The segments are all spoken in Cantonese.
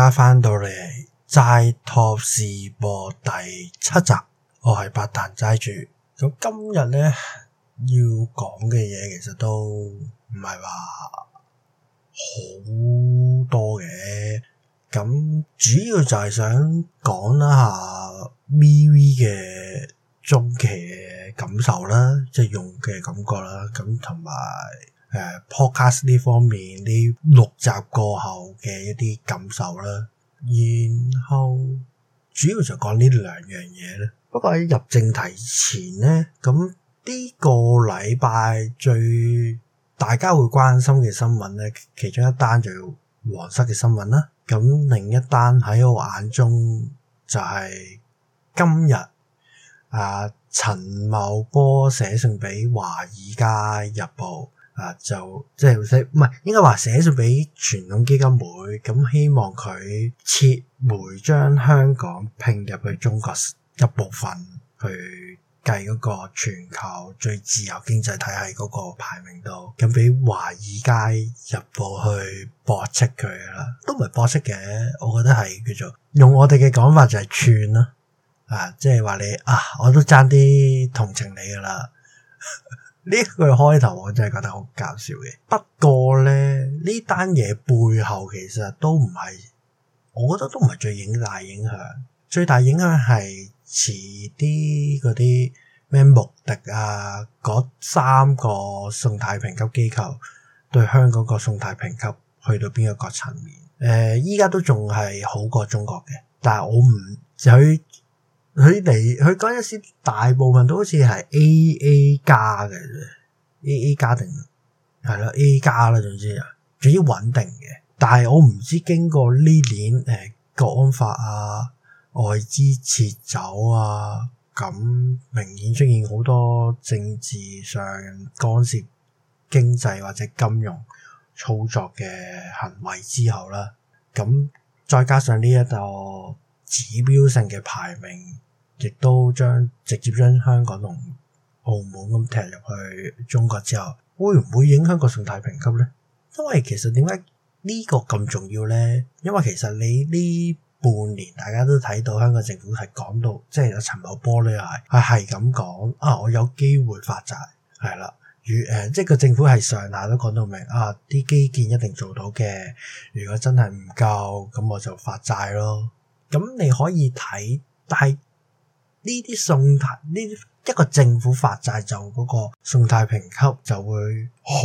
家翻到嚟齋 Talk 試播第七集，我係百彈齋主。咁今日咧要講嘅嘢，其實都唔係話好多嘅。咁主要就係想講一下 MeWe 嘅中期嘅感受啦，即係用嘅感覺啦。咁同埋。誒，podcast 呢方面啲六集過後嘅一啲感受啦，然後主要就講呢兩樣嘢咧。不過喺入正題前呢，咁、這、呢個禮拜最大家會關心嘅新聞呢，其中一單就皇室嘅新聞啦。咁另一單喺我眼中就係今日啊，陳茂波寫信俾華爾街日報。啊！就即係唔係應該話寫咗俾傳統基金會，咁、嗯、希望佢撤回將香港拼入去中國一部分，去計嗰個全球最自由經濟體系嗰個排名度，咁俾華爾街日報去駁斥佢噶啦，都唔係駁斥嘅，我覺得係叫做用我哋嘅講法就係串囉、啊，啊，即係話你啊，我都爭啲同情你噶啦。 呢句開頭我真係覺得好搞笑嘅，不過咧，呢單嘢背後其實都唔係，我覺得都唔係最大影響，最大影響係遲啲嗰啲咩穆迪啊嗰三個信貸評級機構對香港個信貸評級去到邊一個層面？誒、呃，依家都仲係好過中國嘅，但係我唔去。佢哋，佢嗰陣時，大部分都好似係 AA 加嘅啫。AA 加定係咯 A 加啦，總之啊，總之穩定嘅。但係我唔知經過呢年誒國安法啊，外資撤走啊，咁明顯出現好多政治上干涉經濟或者金融操作嘅行為之後啦，咁再加上呢一個指標性嘅排名，亦都將直接將香港同澳門咁踢入去中國之後，會唔會影響個信貸評級呢？因為其實點解呢個咁重要呢？因為其實你呢半年大家都睇到香港政府係講到，即係有陳茂波呢，又係係係咁講啊，我有機會發債，係啦，與誒、呃，即係個政府係上下都講到明啊，啲基建一定做到嘅，如果真係唔夠，咁我就發債咯。咁你可以睇，但係。呢啲信貸，呢啲一個政府發債就嗰個信貸評級就會好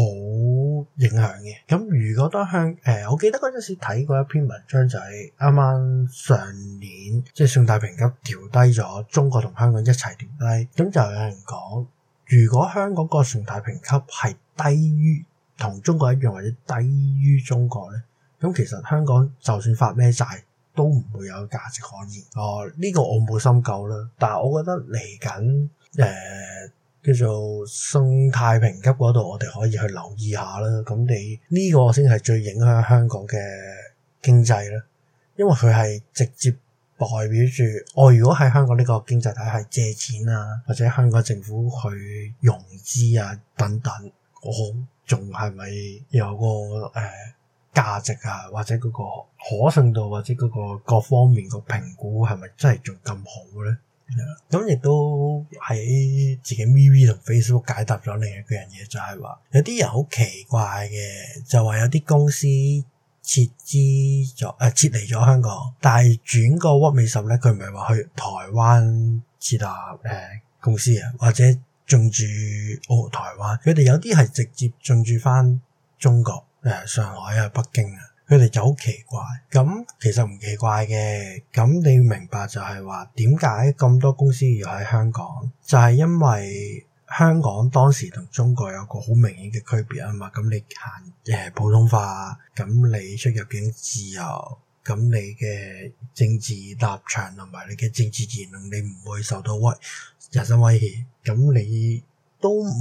影響嘅。咁如果當香誒，我記得嗰陣時睇過一篇文章就係啱啱上年，即係信貸評級調低咗，中國同香港一齊調低。咁就有人講，如果香港個信貸評級係低於同中國一樣，或者低於中國咧，咁其實香港就算發咩債。都唔會有價值可言。哦，呢、這個我冇深究啦。但係我覺得嚟緊誒，叫做生態評級嗰度，我哋可以去留意下啦。咁你呢、這個先係最影響香港嘅經濟啦，因為佢係直接代表住我、哦。如果喺香港呢個經濟體系借錢啊，或者香港政府去融資啊等等，我仲係咪有個誒？呃價值啊，或者嗰個可信度，或者嗰個各方面個評估是是，係咪真係仲咁好咧？咁亦都喺自己 MeWe 同 Facebook 解答咗另一樣嘢，就係話有啲人好奇怪嘅，就話有啲公司撤資咗，誒、呃、撤離咗香港，但係轉個屈尾十咧，佢唔係話去台灣設立誒公司啊，或者進駐澳台灣，佢哋有啲係直接進駐翻中國。誒上海啊，北京啊，佢哋就好奇怪。咁其實唔奇怪嘅。咁你要明白就係話點解咁多公司要喺香港？就係因為香港當時同中國有個好明顯嘅區別啊嘛。咁你行、呃、普通化，咁你出入境自由，咁你嘅政治立場同埋你嘅政治言論，你唔會受到威人身威脅。咁你都唔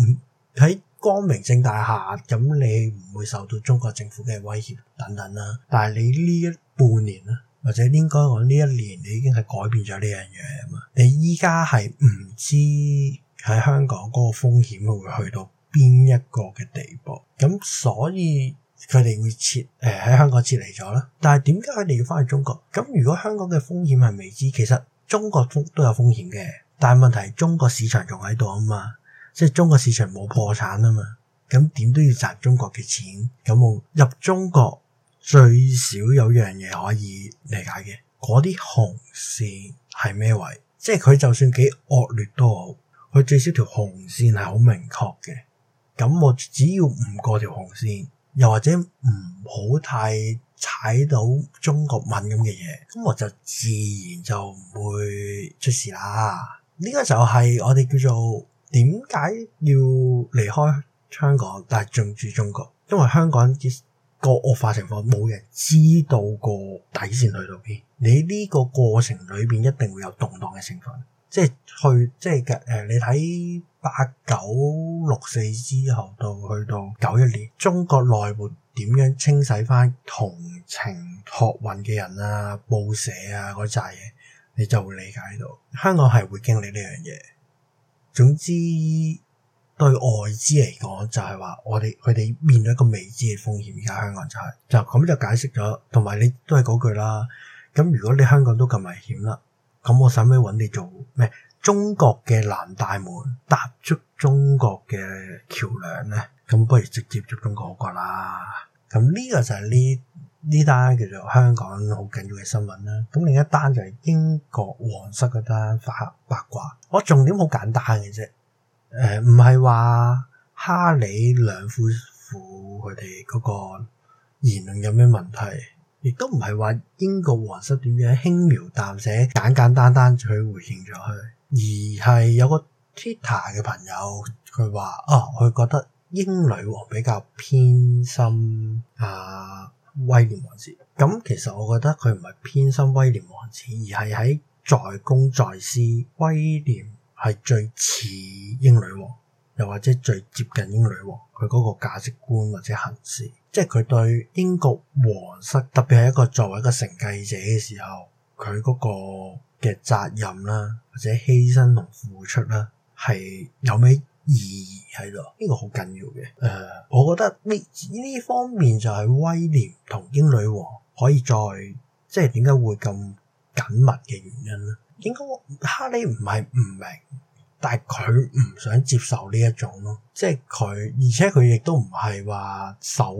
喺，光明正大下，咁你唔會受到中國政府嘅威脅等等啦。但係你呢半年咧，或者應該講呢一年，你已經係改變咗呢樣嘢啊嘛。你依家係唔知喺香港嗰個風險會去到邊一個嘅地步，咁所以佢哋會撤、誒喺香港撤離咗啦。但係點解佢哋要翻去中國？咁如果香港嘅風險係未知，其實中國都都有風險嘅。但係問題，中國市場仲喺度啊嘛。即係中國市場冇破產啊嘛，咁點都要賺中國嘅錢，咁我入中國最少有樣嘢可以理解嘅，嗰啲紅線係咩位？即係佢就算幾惡劣都好，佢最少條紅線係好明確嘅，咁我只要唔過條紅線，又或者唔好太踩到中國敏感嘅嘢，咁我就自然就唔會出事啦。呢、這個就係我哋叫做。點解要離開香港，但係進駐中國？因為香港個惡化情況，冇人知道個底線去到邊。你呢個過程裏邊一定會有動盪嘅情況，即係去，即係嘅誒，你睇八九六四之後到去到九一年，中國內部點樣清洗翻同情學運嘅人啊、報社啊嗰扎嘢，你就會理解到，香港係會經歷呢樣嘢。總之對外資嚟講，就係話我哋佢哋面對一個未知嘅風險，而家香港就係就咁就解釋咗，同埋你都係嗰句啦。咁如果你香港都咁危險啦，咁我使咩揾你做咩？中國嘅南大門踏足中國嘅橋樑呢，咁不如直接做中國好過啦。咁呢個就係呢。呢單叫做香港好緊要嘅新聞啦，咁另一單就係英國皇室嗰單百八,八卦。我、哦、重點好簡單嘅啫，誒、呃，唔係話哈里兩夫婦佢哋嗰個言論有咩問題，亦都唔係話英國皇室點樣輕描淡寫、簡簡單單去回應咗佢，而係有個 Twitter 嘅朋友佢話哦，佢覺得英女王比較偏心啊。威廉王子，咁其實我覺得佢唔係偏心威廉王子，而係喺在公在私，威廉係最似英女王，又或者最接近英女王，佢嗰個價值觀或者行事，即係佢對英國皇室，特別係一個作為一個承繼者嘅時候，佢嗰個嘅責任啦，或者犧牲同付出啦，係有咩？意而係咯，呢、這個好緊要嘅。誒、呃，我覺得呢呢方面就係威廉同英女王可以再即係點解會咁緊密嘅原因咧？應該哈利唔係唔明，但係佢唔想接受呢一種咯。即係佢，而且佢亦都唔係話守，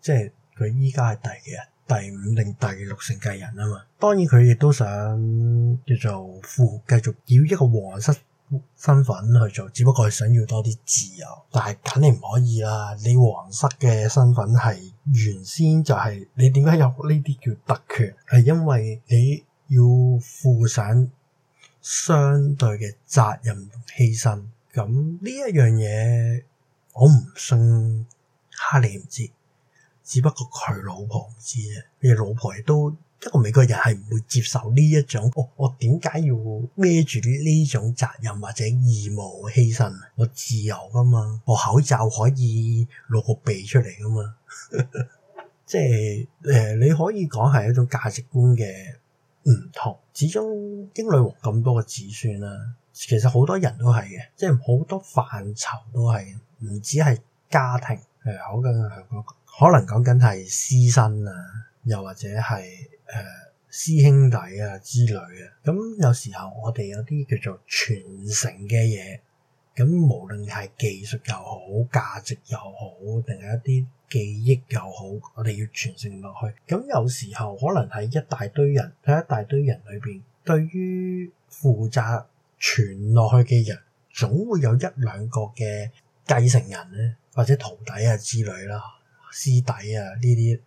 即係佢依家係第幾人？第五定第六承繼人啊嘛？當然佢亦都想叫做父，繼續要一個皇室。身份去做，只不過係想要多啲自由，但係肯定唔可以啦。你皇室嘅身份係原先就係、是、你點解有呢啲叫特權，係因為你要負上相對嘅責任犧牲。咁呢一樣嘢，我唔信哈利唔知，只不過佢老婆唔知啫，你老婆亦都。不過美國人係唔會接受呢一種，哦、我我點解要孭住呢種責任或者義務犧牲？我自由噶嘛？我口罩可以攞個鼻出嚟噶嘛？ 即係誒、呃，你可以講係一種價值觀嘅唔同。始終英女王咁多嘅子孫啦，其實好多人都係嘅，即係好多範疇都係唔止係家庭誒，好緊係可能講緊係私生啊，又或者係。誒、呃，師兄弟啊之類啊，咁有時候我哋有啲叫做傳承嘅嘢，咁無論係技術又好，價值又好，定係一啲記憶又好，我哋要傳承落去。咁有時候可能係一大堆人喺一大堆人裏邊，對於負責傳落去嘅人，總會有一兩個嘅繼承人咧，或者徒弟啊之類啦，師弟啊呢啲。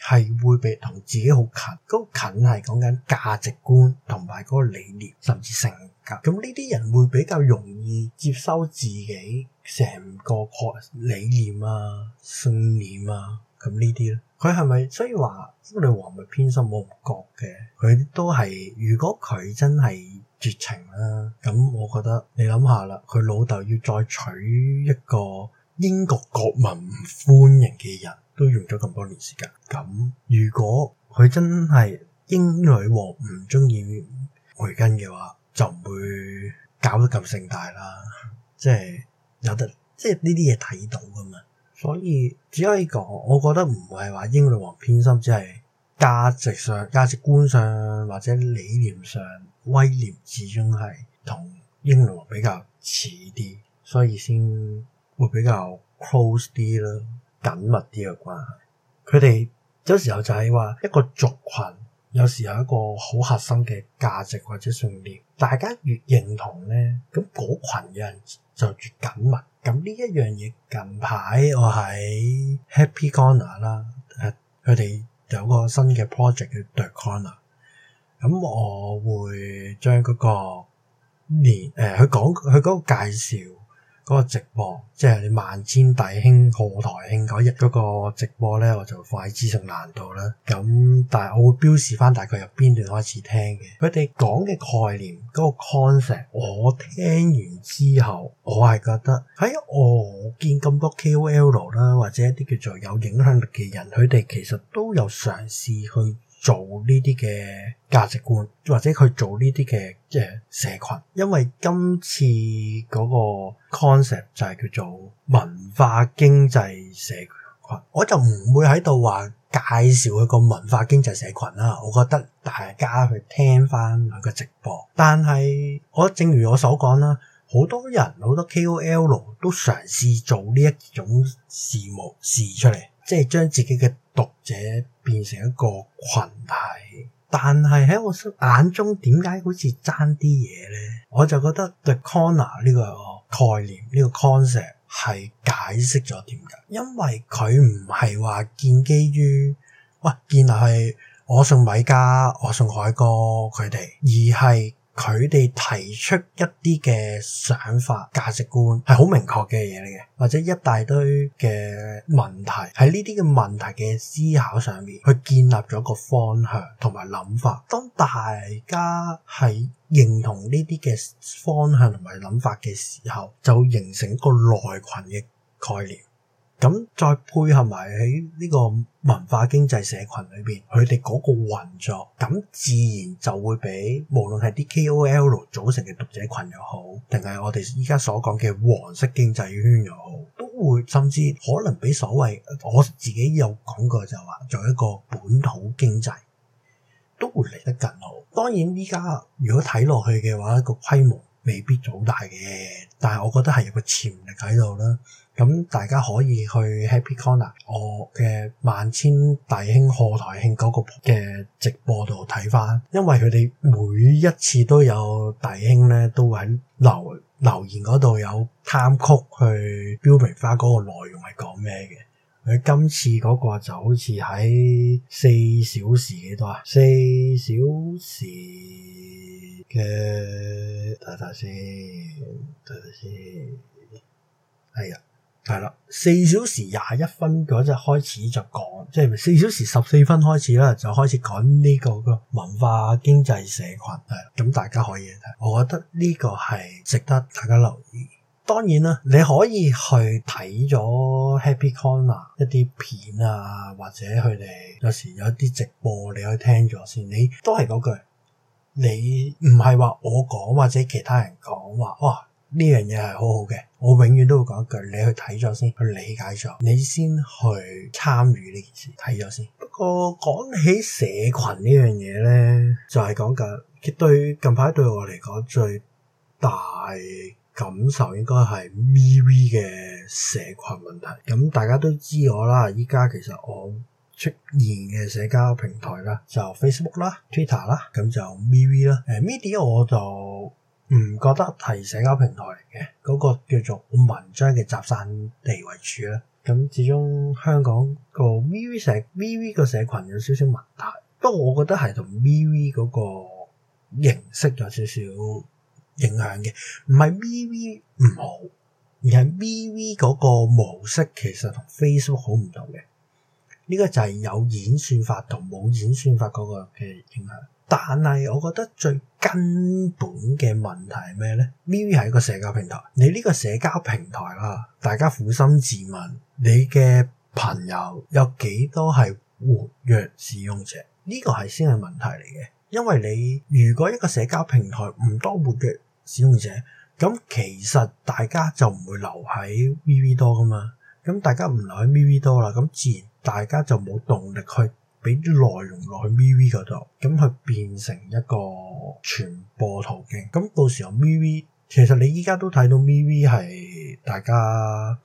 係會比同自己好近，嗰、那個、近係講緊價值觀同埋嗰個理念，甚至性格。咁呢啲人會比較容易接收自己成個學理念啊、信念啊，咁呢啲咧，佢係咪所以話女王咪偏心，我唔覺嘅。佢都係，如果佢真係絕情啦、啊，咁我覺得你諗下啦，佢老豆要再娶一個。英國國民唔歡迎嘅人都用咗咁多年時間。咁如果佢真係英女王唔鍾意培根嘅話，就唔會搞得咁盛大啦。即係有得即係呢啲嘢睇到㗎嘛。所以只可以講，我覺得唔係話英女王偏心，只係價值上、價值觀上或者理念上，威廉始終係同英女王比較似啲，所以先。會比較 close 啲啦，緊密啲嘅關係。佢哋有時候就係話一個族群，有時候有一個好核心嘅價值或者信念，大家越認同咧，咁嗰群嘅人就越緊密。咁呢一樣嘢近排我喺 Happy Corner 啦、啊，佢哋有個新嘅 project 叫 d e c o r n e r 咁我會將嗰個年，誒、呃，佢講佢嗰個介紹。嗰個直播，即係你萬千弟兄賀台慶嗰日嗰個直播呢，我就快知成難度啦。咁但係我會標示翻大概由邊段開始聽嘅。佢哋講嘅概念嗰個 concept，我聽完之後，我係覺得喺我見咁多 KOL 啦，或者一啲叫做有影響力嘅人，佢哋其實都有嘗試去做呢啲嘅價值觀，或者佢做呢啲嘅即係社群，因為今次嗰個 concept 就係叫做文化經濟社群，我就唔會喺度話介紹佢個文化經濟社群啦。我覺得大家去聽翻佢嘅直播，但係我正如我所講啦，好多人好多 KOL 都嘗試做呢一種事物試出嚟，即係將自己嘅。讀者變成一個群體，但係喺我眼中點解好似爭啲嘢呢？我就覺得 The Kongner 呢個概念，呢個 concept 係解釋咗點解，因為佢唔係話建基於喂建立係我送米家，我送海哥佢哋，而係。佢哋提出一啲嘅想法、價值觀係好明確嘅嘢嚟嘅，或者一大堆嘅問題，喺呢啲嘅問題嘅思考上面，去建立咗一個方向同埋諗法。當大家係認同呢啲嘅方向同埋諗法嘅時候，就形成一個內群嘅概念。咁再配合埋喺呢個文化經濟社群裏邊，佢哋嗰個運作，咁自然就會比無論係啲 KOL 組成嘅讀者群又好，定係我哋依家所講嘅黃色經濟圈又好，都會甚至可能比所謂我自己有講過就話做一個本土經濟，都會嚟得更好。當然，依家如果睇落去嘅話，一個規模未必好大嘅，但係我覺得係有個潛力喺度啦。咁大家可以去 Happy Corner 我嘅萬千弟兄賀台慶嗰個嘅直播度睇翻，因為佢哋每一次都有弟兄咧都會喺留留言嗰度有 time code 去標明翻嗰個內容係講咩嘅。佢今次嗰個就好似喺四小時幾多啊？四小時嘅。等等先，等等先，係呀～等等係啦，四小時廿一分嗰陣開始就講，即係四小時十四分開始啦，就開始講呢個個文化經濟社群啊。咁大家可以睇，我覺得呢個係值得大家留意。當然啦，你可以去睇咗 Happy Corner 一啲片啊，或者佢哋有時有啲直播，你可以聽咗先。你都係嗰句，你唔係話我講或者其他人講話，哇！呢樣嘢係好好嘅，我永遠都會講一句，你去睇咗先，去理解咗，你先去參與呢件事，睇咗先。不過講起社群呢樣嘢呢，就係講緊，對近排對我嚟講最大感受應該係 MeWe 嘅社群問題。咁大家都知我啦，依家其實我出現嘅社交平台啦，就 Facebook 啦、Twitter 啦，咁就 MeWe 啦，誒、哎、Media 我就唔覺得係社交平台嚟嘅，嗰個叫做文章嘅集散地為主啦。咁始終香港個 MeWe 社 MeWe 個社群有少少問題，不過我覺得係同 MeWe 嗰個形式有少少影響嘅，唔係 MeWe 唔好，而係 MeWe 嗰個模式其實同 Facebook 好唔同嘅，呢、呢個就係有演算法同冇演算法嗰個嘅影響。但係，我覺得最根本嘅問題係咩呢？MeWe 係一個社交平台，你呢個社交平台啦，大家苦心自問，你嘅朋友有幾多係活躍使用者？呢個係先係問題嚟嘅，因為你如果一個社交平台唔多活躍使用者，咁其實大家就唔會留喺 MeWe 多㗎嘛。咁大家唔留喺 MeWe 多啦，咁自然大家就冇動力去。俾啲內容落去 MeWe 嗰度，咁去變成一個傳播途徑。咁到時候 MeWe 其實你依家都睇到 MeWe 係大家，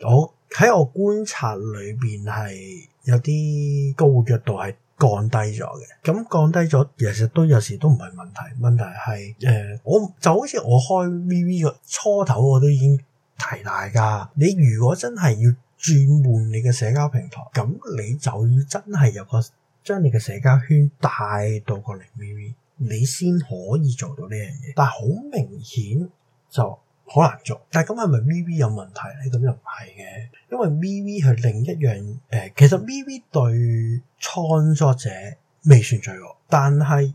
我喺我觀察裏邊係有啲高熱度係降低咗嘅。咁降低咗其實都有時都唔係問題。問題係誒、呃，我就好似我開 MeWe 嘅初頭我都已經提大家：你如果真係要。轉換你嘅社交平台，咁你就要真係有個將你嘅社交圈帶到過嚟 MeWe，你先可以做到呢樣嘢。但係好明顯就好難做。但係咁係咪 MeWe 有問題咧？咁又唔係嘅，因為 MeWe 係另一樣誒、呃。其實 MeWe 對創作者未算衰，但係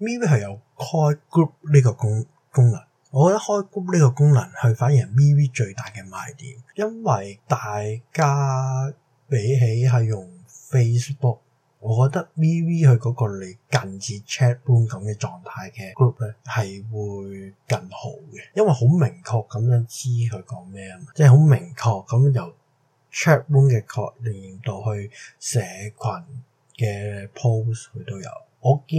MeWe 係有開 Group 呢個功功能。我覺得開 group 呢個功能，係反而係 MeWe 最大嘅賣點，因為大家比起係用 Facebook，我覺得 MeWe 佢嗰個嚟近似 chat room 咁嘅狀態嘅 group 咧，係會更好嘅，因為好明確咁樣知佢講咩啊嘛，即係好明確咁由 chat room 嘅概念到去社群嘅 post 佢都有，我見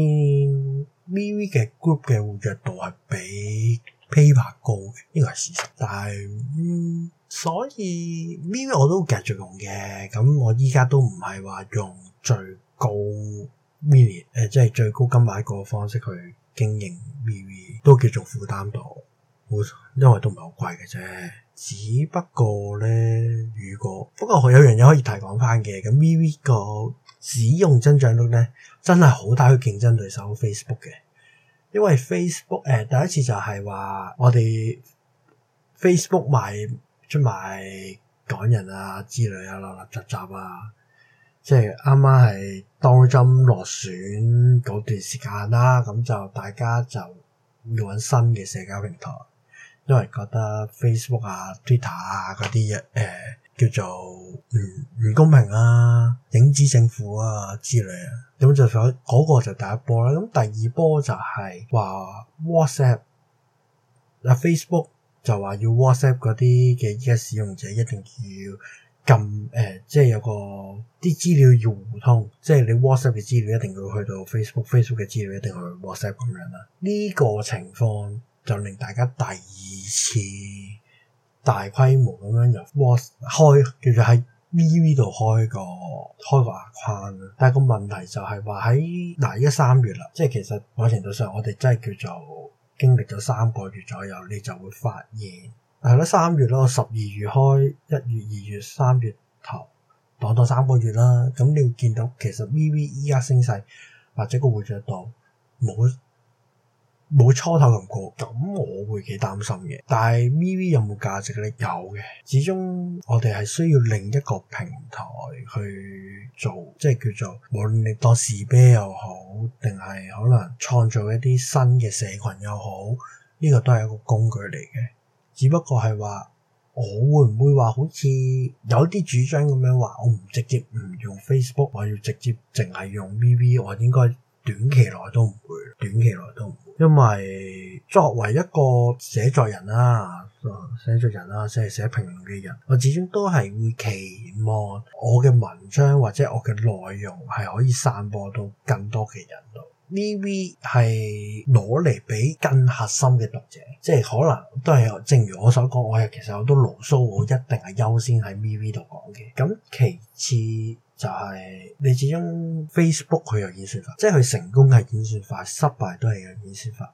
MeWe 嘅 group 嘅活躍度係比。p p a 批牌高嘅，呢個係事實。但係、嗯，所以 MeWe 我都繼續用嘅。咁我依家都唔係話用最高 V V 誒，即係最高金幣個方式去經營 MeWe，都叫做負擔到。因為都唔係好貴嘅啫。只不過呢，如果不過有樣嘢可以提講翻嘅，咁 MeWe 個使用增長率呢，真係好大去競爭對手 Facebook 嘅。因為 Facebook 誒、呃、第一次就係話我哋 Facebook 賣出賣港人啊、之類、啊立立雜雜啊，即係啱啱係當針落選嗰段時間啦、啊，咁就大家就要揾新嘅社交平台，因為覺得 Facebook 啊、Twitter 啊嗰啲嘢誒。叫做唔唔公平啊，影子政府啊之類啊，咁就所、是、嗰、那個就第一波啦。咁第二波就係話 WhatsApp 啊 Facebook 就話要 WhatsApp 嗰啲嘅依家使用者一定要撳誒、呃，即係有個啲資料要互通，即係你 WhatsApp 嘅資料一定要去到 Facebook，Facebook 嘅資料一定要去 WhatsApp 咁樣啦。呢、這個情況就令大家第二次。大規模咁樣由 WhatsApp 開叫做喺 MeWe 度開個開個牙框，但係個問題就係話喺嗱，而家三月啦，即係其實某程度上我哋真係叫做經歷咗三個月左右，你就會發現，係咯三月咯，十二月開一月二月三月頭，當到三個月啦，咁你會見到其實、B、MeWe 依家升勢或者個活躍度冇。冇初頭咁過，咁我會幾擔心嘅。但係 MeWe 有冇價值咧？有嘅，始終我哋係需要另一個平台去做，即係叫做無論你當士啤又好，定係可能創造一啲新嘅社群又好，呢、這個都係一個工具嚟嘅。只不過係話我會唔會話好似有啲主張咁樣話，我唔直接唔用 Facebook，我要直接淨係用 MeWe，我應該？短期內都唔會，短期內都唔會，因為作為一個寫作人啦，寫作人啦，即係寫評論嘅人，我始終都係會期望我嘅文章或者我嘅內容係可以散播到更多嘅人度。MeWe 係攞嚟俾更核心嘅讀者，即係可能都係正如我所講，我其實我都牢騷我一定係優先喺 MeWe 度講嘅。咁其次，就係你始終 Facebook 佢有演算法，即係佢成功係演算法，失敗都係有演算法。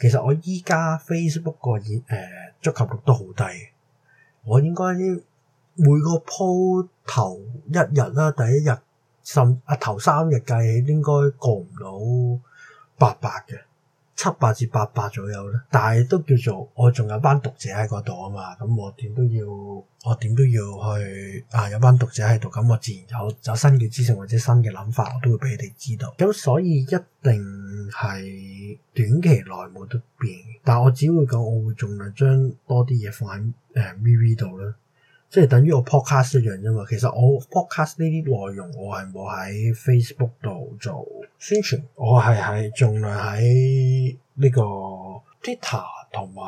其實我依家 Facebook 個演誒、呃、觸及率都好低，嘅，我應該每個鋪頭一日啦，第一日甚啊頭三日計應該過唔到八百嘅。七百至八百左右咧，但係都叫做我仲有班讀者喺嗰度啊嘛，咁我點都要，我點都要去啊！有班讀者喺度，咁我自然有有新嘅資訊或者新嘅諗法，我都會俾你哋知道。咁所以一定係短期內冇得變，但係我只會講，我會盡量將多啲嘢放喺 MeWe 度啦。即係等於我 podcast 一樣啫嘛，其實我 podcast 呢啲內容我係冇喺 Facebook 度做宣傳，mm hmm. 我係係盡量喺呢個 Twitter 同埋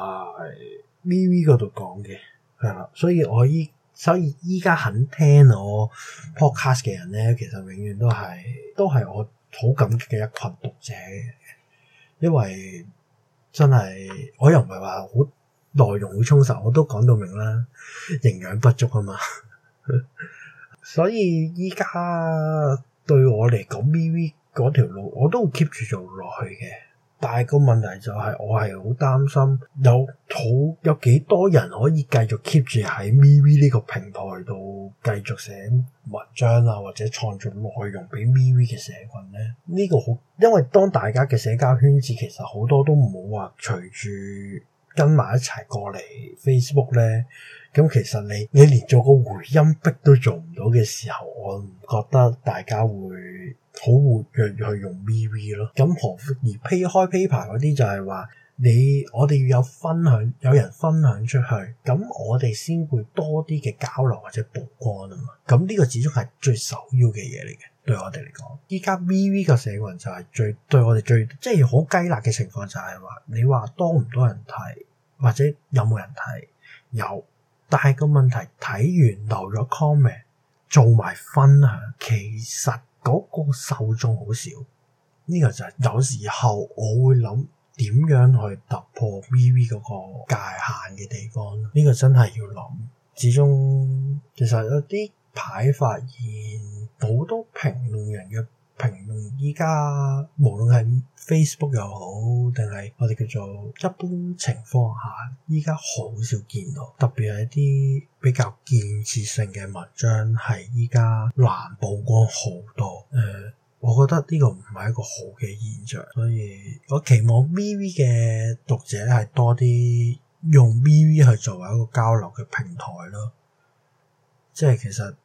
MeWe 度講嘅，係啦，所以我依所以依家肯聽我 podcast 嘅人咧，其實永遠都係都係我好感激嘅一群讀者，因為真係我又唔係話好。內容會充實，我都講到明啦，營養不足啊嘛， 所以依家對我嚟講，MeWe 嗰條路我都會 keep 住做落去嘅。但係個問題就係，我係好擔心有好有幾多人可以繼續 keep 住喺 MeWe 呢個平台度繼續寫文章啊，或者創作內容俾 MeWe 嘅社群呢。呢、呢個好，因為當大家嘅社交圈子其實好多都唔好話隨住。跟埋一齊過嚟 Facebook 咧，咁其實你你連做個回音壁都做唔到嘅時候，我唔覺得大家會好活躍去用 V V 咯。咁何況而 P 開 paper 嗰啲就係話你我哋要有分享，有人分享出去，咁我哋先會多啲嘅交流或者曝光啊嘛。咁呢個始終係最首要嘅嘢嚟嘅，對我哋嚟講，依家 V V 嘅社群就係最對我哋最即係好雞肋嘅情況就係話你話多唔多人睇？或者有冇人睇？有，但係個問題，睇完留咗 comment，做埋分享，其實嗰個受眾好少。呢、這個就係有時候我會諗點樣去突破、B、V V 嗰個界限嘅地方。呢、這個真係要諗，始終其實有啲牌發現好多評論人嘅。評論依家無論係 Facebook 又好，定係我哋叫做一般情況下，依家好少見到，特別係啲比較建設性嘅文章，係依家難曝光好多。誒、呃，我覺得呢個唔係一個好嘅現象，所以我期望、B、MeWe 嘅讀者係多啲用 MeWe 去作為一個交流嘅平台咯，即係其實。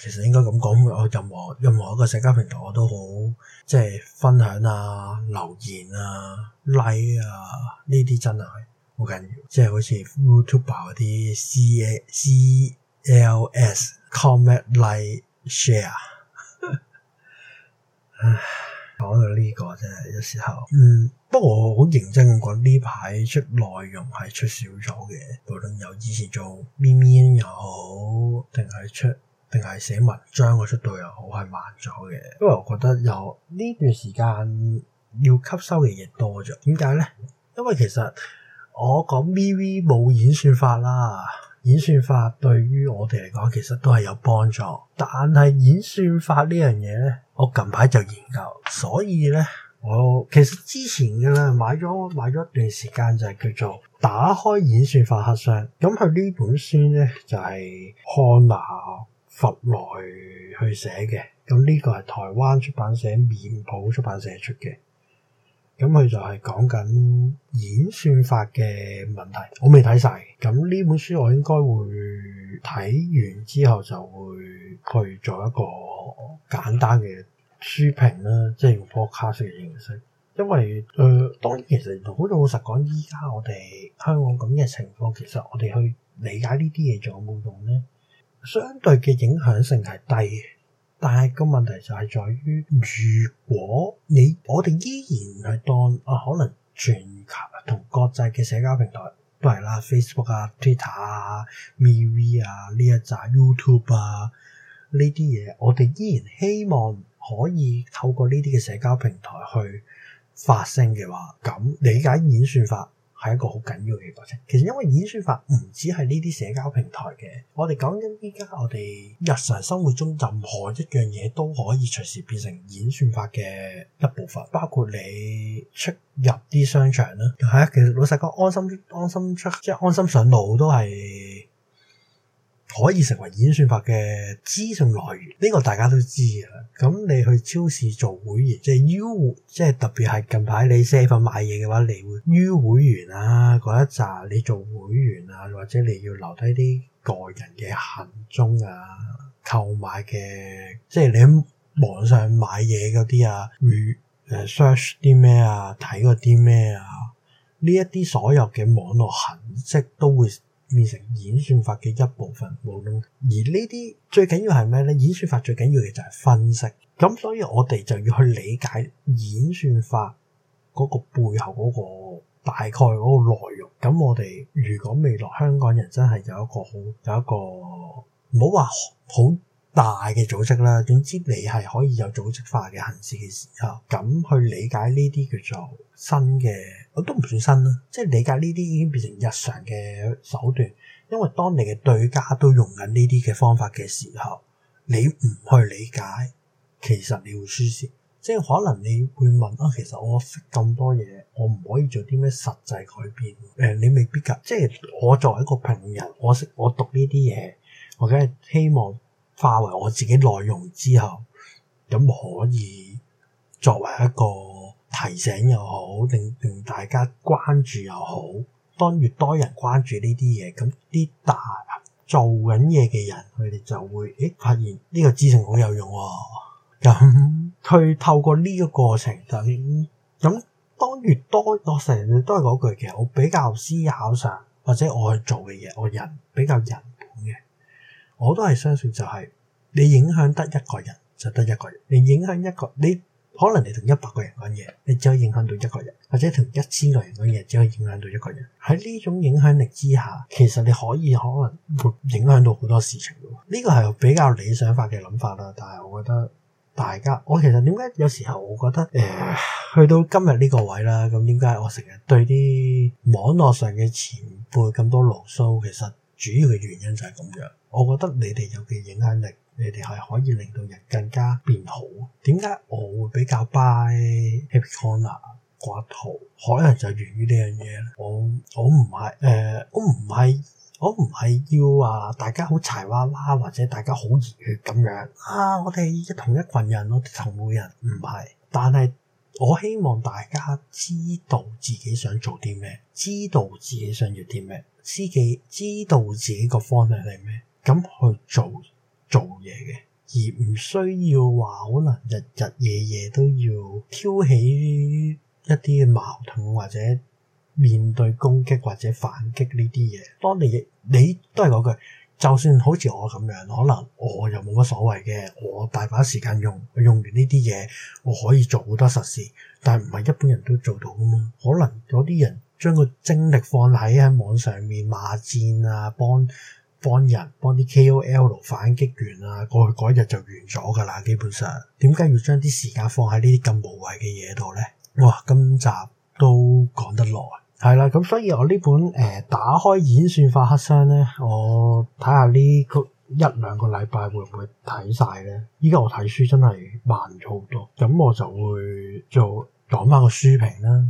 其實應該咁講，任何任何一個社交平台我都好，即係分享啊、留言啊、like 啊，呢啲真係好緊要。即係好似 YouTube 嗰啲 C L S comment like share。講 到呢個真係有時候，嗯，不過我好認真咁講，呢排出內容係出少咗嘅，無論有以前做咪咪又好，定係出，定係寫文章嗰速度又好係慢咗嘅，因為我覺得有呢段時間要吸收嘅嘢多咗。點解呢？因為其實我講 V V 冇演算法啦，演算法對於我哋嚟講其實都係有幫助。但係演算法呢樣嘢呢，我近排就研究。所以呢，我其實之前嘅啦，買咗買咗一段時間就係叫做打開演算法黑箱。咁佢呢本書呢，就係漢娜。佛來去寫嘅，咁、這、呢個係台灣出版社面譜出版社出嘅，咁佢就係講緊演算法嘅問題。我未睇晒。咁呢本書我應該會睇完之後就會去做一個簡單嘅書評啦，即係用 podcast 嘅形式。因為，誒、呃、當然其實好老實講，依家我哋香港咁嘅情況，其實我哋去理解呢啲嘢仲有冇用呢？相對嘅影響性係低嘅，但係個問題就係在於如果你我哋依然係當啊，可能全球同國際嘅社交平台都係啦，Facebook 啊、Twitter 啊、MeWe 啊呢一紮 YouTube 啊呢啲嘢，我哋依然希望可以透過呢啲嘅社交平台去發聲嘅話，咁理解演算法。係一個好緊要嘅過程。其實因為演算法唔止係呢啲社交平台嘅，我哋講緊依家我哋日常生活中任何一樣嘢都可以隨時變成演算法嘅一部分，包括你出入啲商場啦。係啊，其實老實講，安心安心出，即係安心上路都係，可以成為演算法嘅資訊來源，呢個大家都知噶啦。咁你去超市做會員，即係 U，即係特別係近排你 set 份買嘢嘅話，你會 U 會員啊嗰一扎，你做會員啊，或者你要留低啲個人嘅行蹤啊、購買嘅，即係你喺網上買嘢嗰啲啊，research 啲咩啊、睇過啲咩啊，呢一啲所有嘅網絡痕跡都會。變成演算法嘅一部分，無論而呢啲最緊要係咩呢？演算法最緊要嘅就係分析，咁所以我哋就要去理解演算法嗰個背後嗰個大概嗰個內容。咁我哋如果未來香港人真係有一個好有一個，唔好話好。大嘅組織啦，總之你係可以有組織化嘅行事嘅時候，咁去理解呢啲叫做新嘅，我都唔算新啦。即係理解呢啲已經變成日常嘅手段，因為當你嘅對家都用緊呢啲嘅方法嘅時候，你唔去理解，其實你會輸蝕。即係可能你會問啊，其實我識咁多嘢，我唔可以做啲咩實際改變？誒、呃，你未必㗎。即係我作為一個平民，我識我讀呢啲嘢，我梗係希望。化為我自己內容之後，咁可以作為一個提醒又好，令令大家關注又好。當越多人關注呢啲嘢，咁啲大做緊嘢嘅人，佢哋就會誒發現呢個資訊好有用喎、哦。咁佢透過呢個過程，等咁當越多，我成日都係嗰句嘅，我比較思考上，或者我去做嘅嘢，我人比較人本嘅。我都係相信，就係你影響得一個人，就得一個人；你影響一個，你可能你同一百個人講嘢，你只係影響到一個人，或者同一千個人講嘢，只係影響到一個人。喺呢種影響力之下，其實你可以可能會影響到好多事情。呢個係比較理想化嘅諗法啦，但係我覺得大家，我其實點解有時候我覺得，誒，去到今日呢個位啦，咁點解我成日對啲網絡上嘅前輩咁多牢騷？其實。主要嘅原因就係咁樣，我覺得你哋有嘅影響力，你哋係可以令到人更加變好。點解我會比較 buy Happy Corner 掛圖？可能就源於呢樣嘢。我我唔係誒，我唔係、呃、我唔係要話大家好柴娃娃，或者大家好熱血咁樣啊！我哋同一群人咯，我哋同路人唔係，但係。我希望大家知道自己想做啲咩，知道自己想要啲咩，自己知道自己個方向係咩，咁去做做嘢嘅，而唔需要話可能日日夜夜都要挑起一啲矛盾或者面對攻擊或者反擊呢啲嘢。當你亦，你都係嗰句。就算好似我咁樣，可能我又冇乜所謂嘅，我大把時間用，用完呢啲嘢，我可以做好多實事，但係唔係一般人都做到噶嘛。可能有啲人將個精力放喺喺網上面罵戰啊，幫幫人，幫啲 KOL 反擊完啊，過去嗰一日就完咗噶啦。基本上，點解要將啲時間放喺呢啲咁無謂嘅嘢度呢？哇，今集都講得耐。係啦，咁所以我呢本誒、呃、打開演算法黑箱咧，我睇下一兩個會會呢個一兩個禮拜會唔會睇晒咧？依家我睇書真係慢咗好多，咁我就會做講翻個書評啦。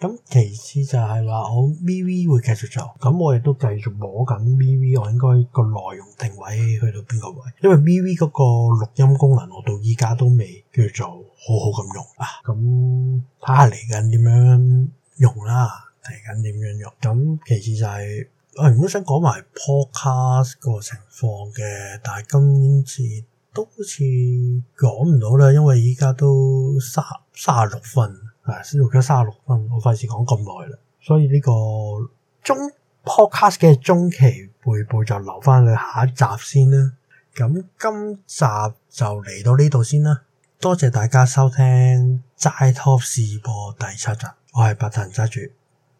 咁其次就係話我 MeWe 會繼續做，咁我亦都繼續摸緊 MeWe，我應該個內容定位去到邊個位？因為 MeWe 嗰個錄音功能，我到依家都未叫做好好咁用啦。咁、啊、睇下嚟緊點樣用啦。提緊點樣用咁？其次就係、是、我原本想講埋 podcast 個情況嘅，但係今次都好似講唔到啦，因為依家都三三十六分啊，先錄咗三十六分，我費事講咁耐啦。所以呢個中 podcast 嘅中期匯報就留翻去下一集先啦。咁今集就嚟到呢度先啦。多謝大家收聽齋 Talk 試播第七集，我係百彈齋主。